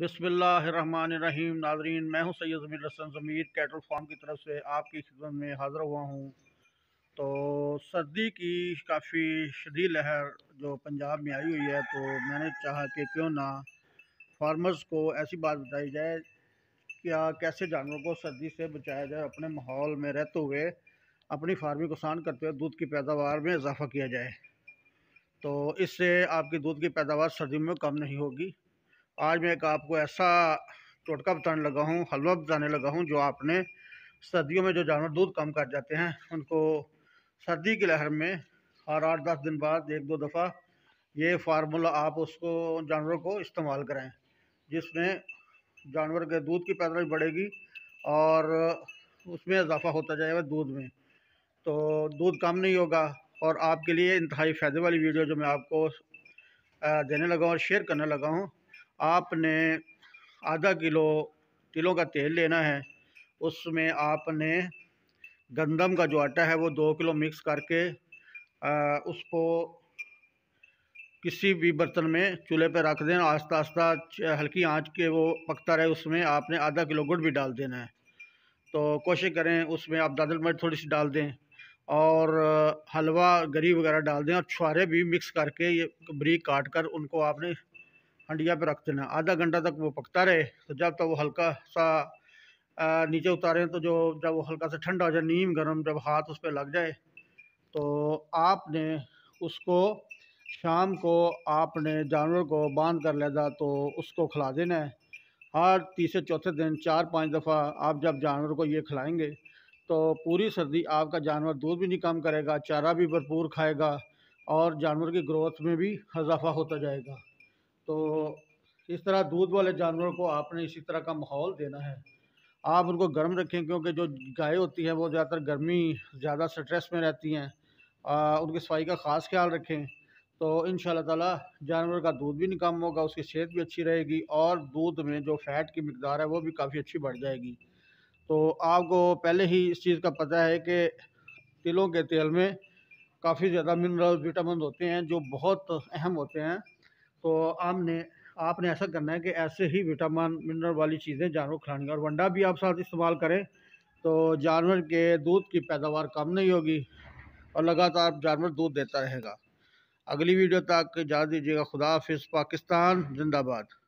बिसमीम नाजरीन मैं हूं सैयद जमीर रसन ज़मीर कैटल फार्म की तरफ से आपकी खिदमत में हाज़िर हुआ हूं तो सर्दी की काफ़ी शदी लहर जो पंजाब में आई हुई है तो मैंने चाहा कि क्यों ना फार्मर्स को ऐसी बात बताई जाए क्या कैसे जानवरों को सर्दी से बचाया जाए अपने माहौल में रहते हुए अपनी फार्मिंग को आसान करते हुए दूध की पैदावार में इजाफा किया जाए तो इससे आपकी दूध की पैदावार सर्दी में कम नहीं होगी आज मैं एक आपको ऐसा चोटका बताने लगा हूँ हलवा बताने लगा हूँ जो आपने सर्दियों में जो जानवर दूध कम कर जाते हैं उनको सर्दी की लहर में हर आठ दस दिन बाद एक दो दफ़ा ये फार्मूला आप उसको जानवरों को इस्तेमाल करें जिसमें जानवर के दूध की पैदावार बढ़ेगी और उसमें इजाफा होता जाएगा दूध में तो दूध कम नहीं होगा और आपके लिए इंतहाई फ़ायदे वाली वीडियो जो मैं आपको देने लगा हूँ और शेयर करने लगा हूँ आपने आधा किलो तिलों का तेल लेना है उसमें आपने गंदम का जो आटा है वो दो किलो मिक्स करके आ, उसको किसी भी बर्तन में चूल्हे पर रख देना आस्ता आस्ता हल्की आंच के वो पकता रहे उसमें आपने आधा किलो गुड़ भी डाल देना है तो कोशिश करें उसमें आप दादल मिर्च थोड़ी सी डाल दें और हलवा गरी वगैरह डाल दें और छुहारे भी मिक्स करके ये बरीक काट कर उनको आपने हंडिया पे रख देना आधा घंटा तक वो पकता रहे तो जब तक वो हल्का सा नीचे उतारें तो जो जब वो हल्का सा ठंडा हो जाए नीम गर्म जब हाथ उस पर लग जाए तो आपने उसको शाम को आपने जानवर को बांध कर लेदा तो उसको खिला देना है हर तीसरे चौथे दिन चार पांच दफ़ा आप जब जानवर को ये खिलाएंगे तो पूरी सर्दी आपका जानवर दूध भी नहीं कम करेगा चारा भी भरपूर खाएगा और जानवर की ग्रोथ में भी इजाफा होता जाएगा तो इस तरह दूध वाले जानवरों को आपने इसी तरह का माहौल देना है आप उनको गर्म रखें क्योंकि जो गाय होती है वो ज़्यादातर गर्मी ज़्यादा स्ट्रेस में रहती हैं उनकी सफाई का ख़ास ख्याल रखें तो इन ताला जानवर का दूध भी निकम होगा उसकी सेहत भी अच्छी रहेगी और दूध में जो फैट की मकदार है वो भी काफ़ी अच्छी बढ़ जाएगी तो आपको पहले ही इस चीज़ का पता है कि तिलों के तेल में काफ़ी ज़्यादा मिनरल विटामिन होते हैं जो बहुत अहम होते हैं तो आपने आपने ऐसा करना है कि ऐसे ही विटामिन मिनरल वाली चीज़ें जानवर खिलानी और वंडा भी आप साथ इस्तेमाल करें तो जानवर के दूध की पैदावार कम नहीं होगी और लगातार जानवर दूध देता रहेगा अगली वीडियो तक जा दीजिएगा खुदा हाफिज़ पाकिस्तान जिंदाबाद